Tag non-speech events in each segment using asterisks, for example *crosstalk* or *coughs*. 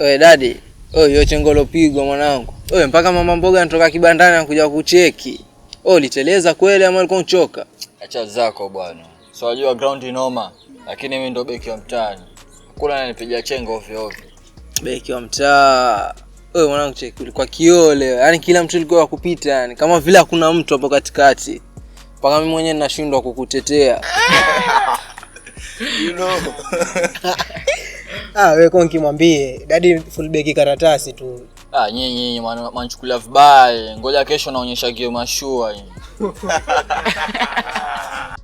Oye dadi, oye yo chengolo pigwa mwanangu. Oye mpaka mama mboga anatoka kibandani anakuja kucheki. Oye uliteleza kweli ama ulikuwa unachoka? Acha zako bwana. So wajua ground inoma, lakini mimi ndo beki wa mtaani. Kula na ananipiga chengo ovyo ovyo. Beki wa mtaa. Oye mwanangu cheki ulikuwa kiole. Yaani kila mtu alikuwa kupita yani kama vile hakuna mtu hapo katikati. Mpaka mimi mwenyewe ninashindwa kukutetea. *laughs* you know. *laughs* Ah, wewe kwa nikimwambie dadi fulbeki karatasi tu. Ah, nyinyi mwanchukulia vibaya. Ngoja kesho naonyesha game mashua. *laughs*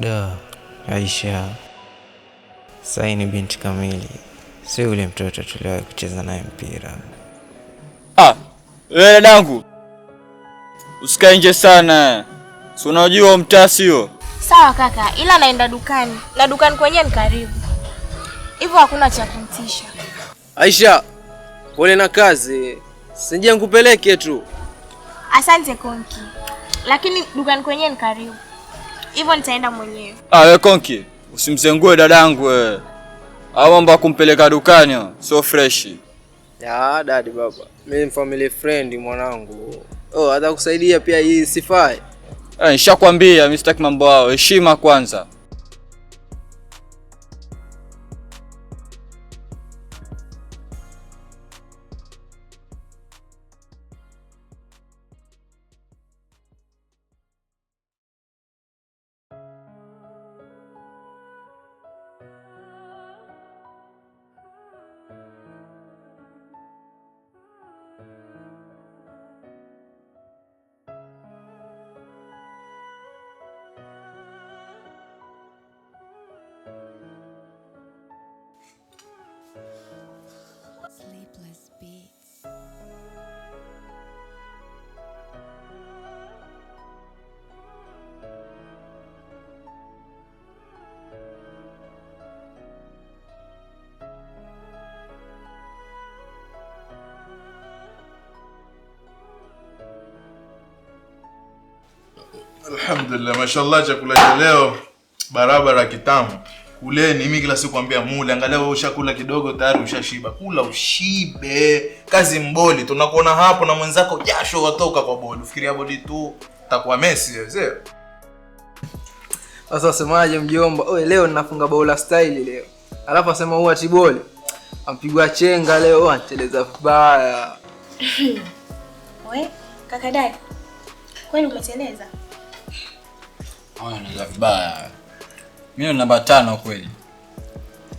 Da, Aisha sai ni binti kamili, si yule mtoto tuliwahi kucheza naye mpira. Ah, wewe dadangu, usikae nje sana, si unajua mtaa sio sawa kaka, ila naenda dukani na dukani kwenyewe ni karibu, hivyo hakuna cha kumtisha. Aisha, pole na kazi, sinje nikupeleke tu. Asante Konki, lakini dukani kwenyewe ni karibu. Hivyo nitaenda mwenyewe. Awe ah, konki, usimzengue dadangu wewe. Au mambo ya kumpeleka dukani sio fresh. Ya dadi baba. Mimi family friend mwanangu. Oh, atakusaidia pia hii sifai. Eh, nishakwambia mimi sitaki mambo yao. Heshima kwanza. Alhamdulillah, mashallah, chakula cha leo barabara kitamu. Kuleni, mimi kila siku kwambia mule, angalia wewe ushakula kidogo tayari ushashiba. Kula ushibe, kazi mboli. Tunakuona hapo na mwenzako jasho watoka kwa bodi. Ufikiria bodi tu takuwa Messi wewe. Sasa semaje mjomba? Oe, leo ninafunga baula style leo. Alafu asema huwa tiboli. Ampigwa chenga leo, oh, anateleza vibaya. Wewe, *coughs* kaka dai. Kwani umeteleza? Anaweza vibaya. Mimi ni namba tano kweli.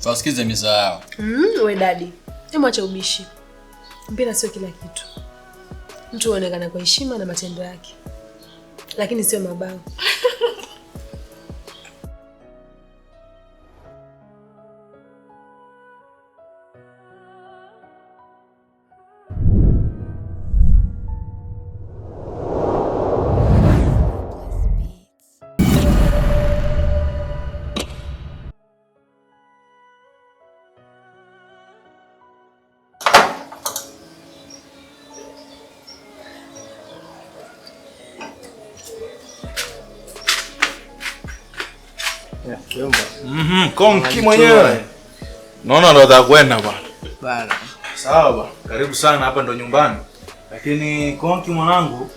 Tuwasikize miza yao. Mm, we dadi. Hebu acha ubishi. Mpira sio kila kitu. Mtu huonekana kwa heshima na matendo yake, lakini sio mabao. konki ah, mwenyewe. Naona ndo za kwenda bwana. Bwana. Sawa bwana. Karibu sana hapa ndo nyumbani. Lakini konki mwanangu,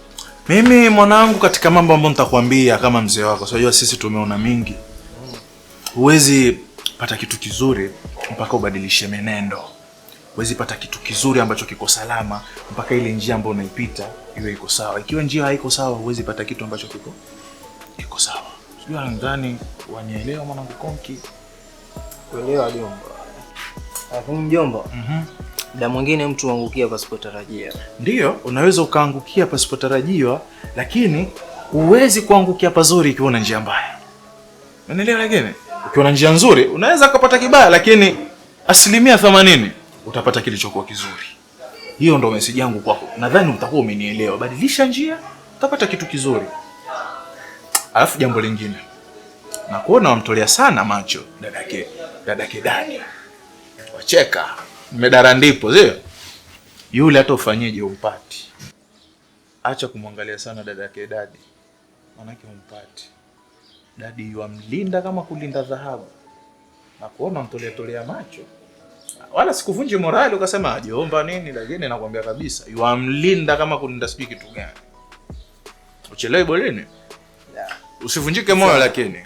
mimi mwanangu, katika mambo ambayo nitakwambia kama mzee wako, so unajua sisi tumeona mingi. Huwezi pata kitu kizuri mpaka ubadilishe menendo. Huwezi pata kitu kizuri ambacho kiko salama mpaka ile njia ambayo unaipita iwe iko sawa. Ikiwa njia haiko sawa, huwezi pata kitu ambacho kiko kiko sawa. Sijui, nadhani wanielewa mwanangu Konki. Kuelewa jomba. Lakini mjomba, mhm. Da mwingine mtu huangukia pasipotarajiwa. Ndio, unaweza ukaangukia pasipotarajiwa, lakini huwezi kuangukia pazuri ikiwa una njia mbaya. Unaelewa lakini? Ukiwa na njia nzuri, unaweza kupata kibaya lakini asilimia 80 utapata kilichokuwa kizuri. Hiyo ndio message yangu kwako. Nadhani utakuwa umenielewa. Badilisha njia, utapata kitu kizuri. Alafu jambo lingine na kuona wamtolea sana macho dadake dadake dani wacheka mmedara ndipo sio yule, hata ufanyeje umpati. Acha kumwangalia sana dadake dadi, manake umpati dadi yuamlinda kama kulinda dhahabu, na kuona mtolea tolea macho. Wala sikuvunji morali ukasema ajomba nini, lakini nakwambia kabisa yuamlinda kama kulinda sijui kitu gani. Uchelewe bolini usivunjike moyo lakini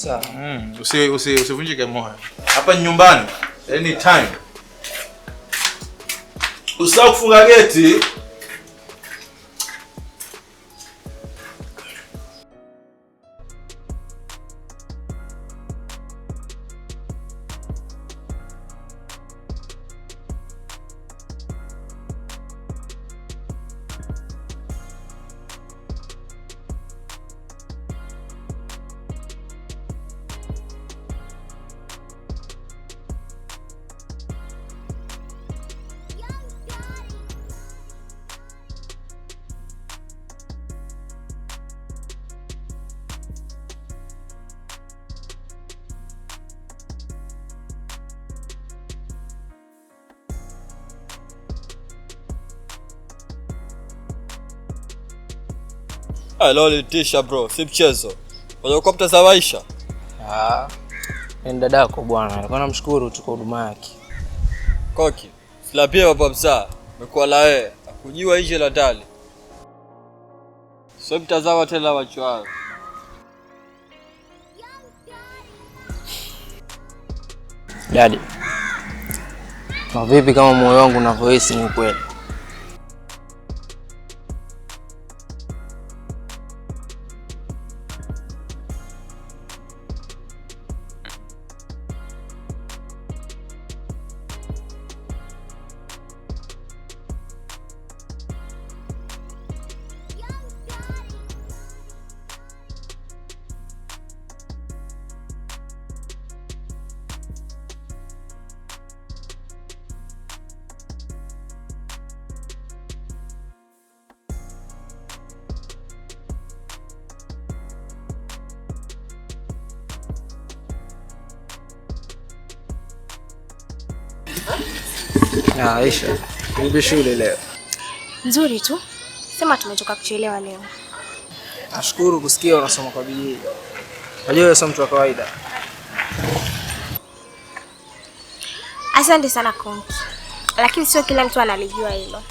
Sawa. Mm, usi usi usivunjike moyo. Hapa nyumbani, any time. Usisahau kufunga geti. Ah, leo litisha bro, si mchezo. Unakuwa mtazawaisha. Ah. Ni yaani dadako bwana. Alikuwa namshukuru tu kwa huduma yake. Koki. Silapia baba mzaa. Umekuwa la wewe. Akujua nje la ndani. Sio mtazawa tena macho yao. Dadi. Na kama moyo wangu unavyohisi ni kweli? Ah, Aisha, nibe shule leo nzuri tu, sema tumetoka kuchelewa leo. Nashukuru kusikia unasoma kwa bidii. Unajua sio mtu wa kawaida. Asante sana Konki, lakini sio kila mtu analijua hilo.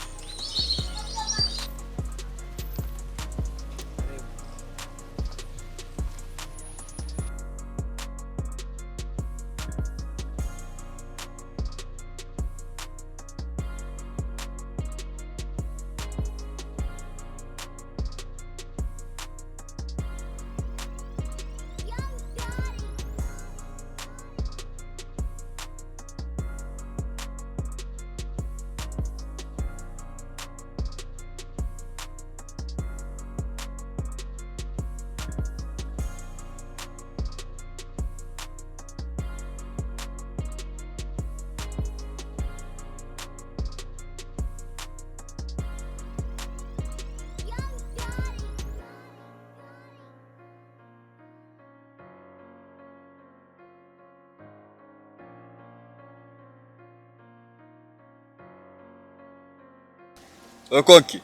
wekoki eh,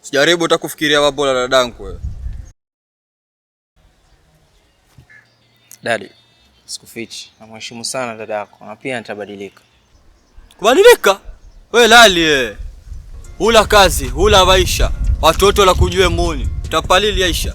Sijaribu kufikiria mambo la dadangu wewe. Eh. Dadi, sikufichi, namheshimu sana dadako na pia nitabadilika. Kubadilika? We lali wewe. Eh. Hula kazi, hula maisha. Watoto la kujue muni. Utapalili Aisha.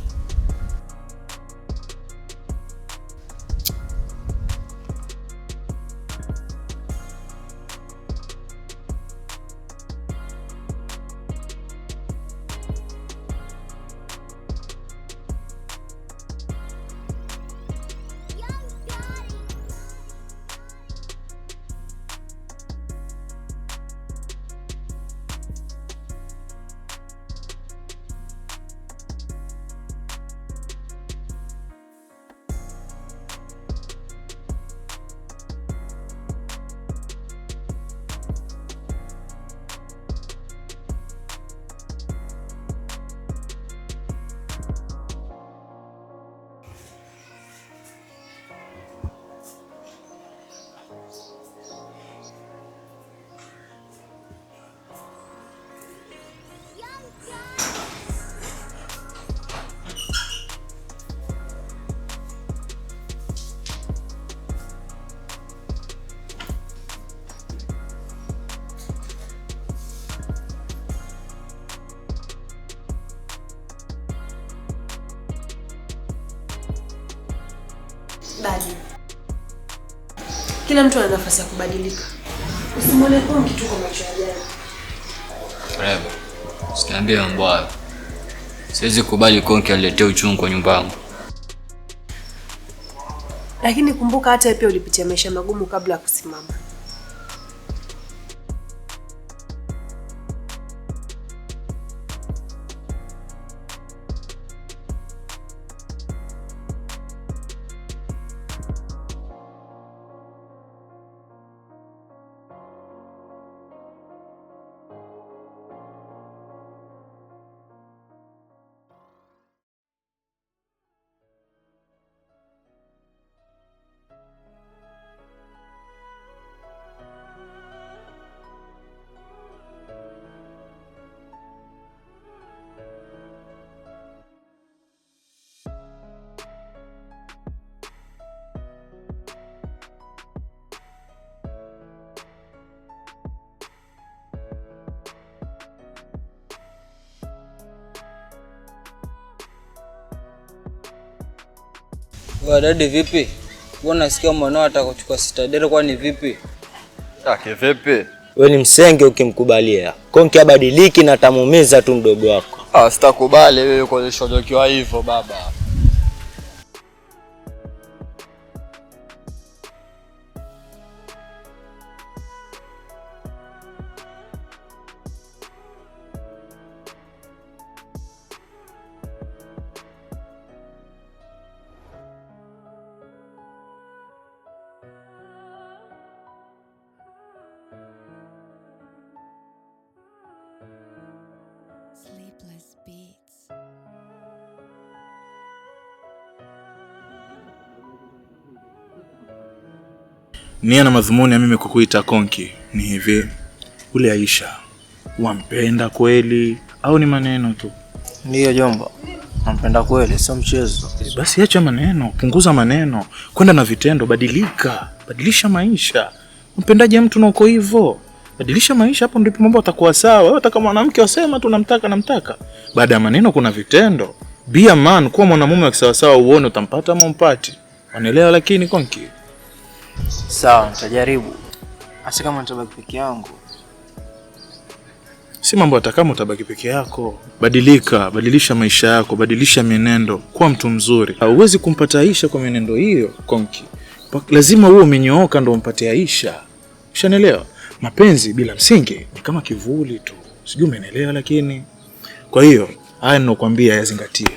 Kila mtu ana nafasi ya kubadilika, usimwone kwa tu kwa macho ya jana. Usiniambie mambo hayo, siwezi kubali konki aliletea uchungu kwa nyumba yangu. Lakini kumbuka hata pia ulipitia maisha magumu kabla ya kusimama wadadi vipi? Mbona nasikia mwanao atakuchukua Citadel kwani vipi? Kake, vipi? We ni msenge ukimkubalia. Konki abadiliki na tamumiza tu mdogo wako. Ah, sitakubali wewe kuonyesha hivyo baba. Nia na madhumuni ya mimi kukuita konki ni hivi, ule Aisha wampenda kweli au ni maneno tu? Ndiyo jomba, nampenda kweli, sio mchezo. Basi acha maneno, punguza maneno, kwenda na vitendo, badilika, badilisha maisha. Mpendaje mtu na uko hivyo, badilisha maisha, hapo ndipo mambo atakuwa sawa. Wewe taka mwanamke wasema tu namtaka, namtaka, baada ya maneno kuna vitendo. Be a man, kuwa mwanamume wa kisawasawa, uone utampata ama umpati, wanaelewa. Lakini konki Sawa, nitajaribu hata kama nitabaki peke yangu. Si mambo hata kama utabaki peke yako. Badilika, badilisha maisha yako, badilisha mienendo, kuwa mtu mzuri. Hauwezi kumpata Aisha kwa mienendo hiyo konki, lazima huo umenyooka ndo umpate Aisha. Ushanielewa? Mapenzi bila msingi ni kama kivuli tu, sijui umenielewa. Lakini kwa hiyo haya ninokuambia yazingatie.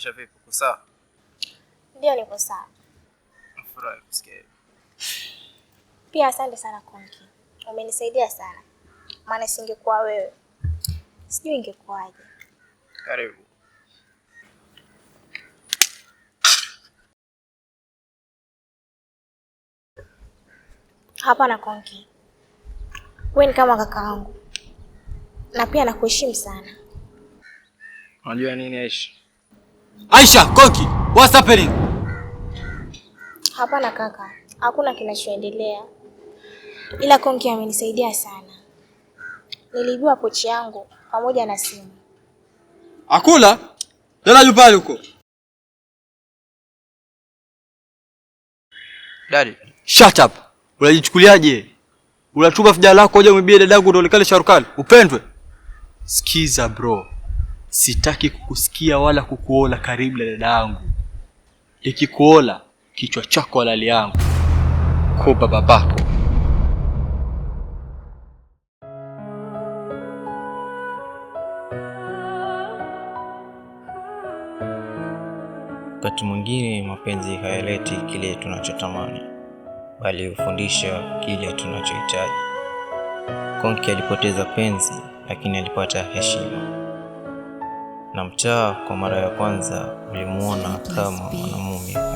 Maisha vipi, uko sawa? Ndio, niko sawa. Nafurahi kusikia hivyo. Pia asante sana Konki, umenisaidia sana, maana singekuwa wewe sijui ingekuwaje. Karibu. Hapana Konki, wewe ni kama kaka wangu na pia nakuheshimu sana. Unajua nini Aisha? Aisha, Konki, what's happening? Hapana kaka, hakuna kinachoendelea, ila Konki amenisaidia sana. Nilijua pochi yangu pamoja na simu. Akula dada jupale huko Daddy. Shut up. Unajichukuliaje? Unatuma vijana lako hoja umebia dadangu ndo likale sharukali upendwe. Sikiza bro sitaki kukusikia wala kukuola karibu na dada yangu. Nikikuona kichwa chako halali yangu koba babako. Wakati mwingine mapenzi hayaleti kile tunachotamani, bali hufundisha kile tunachohitaji. Konki alipoteza penzi, lakini alipata heshima na mchaa kwa mara ya kwanza ulimuona kama mwanamume.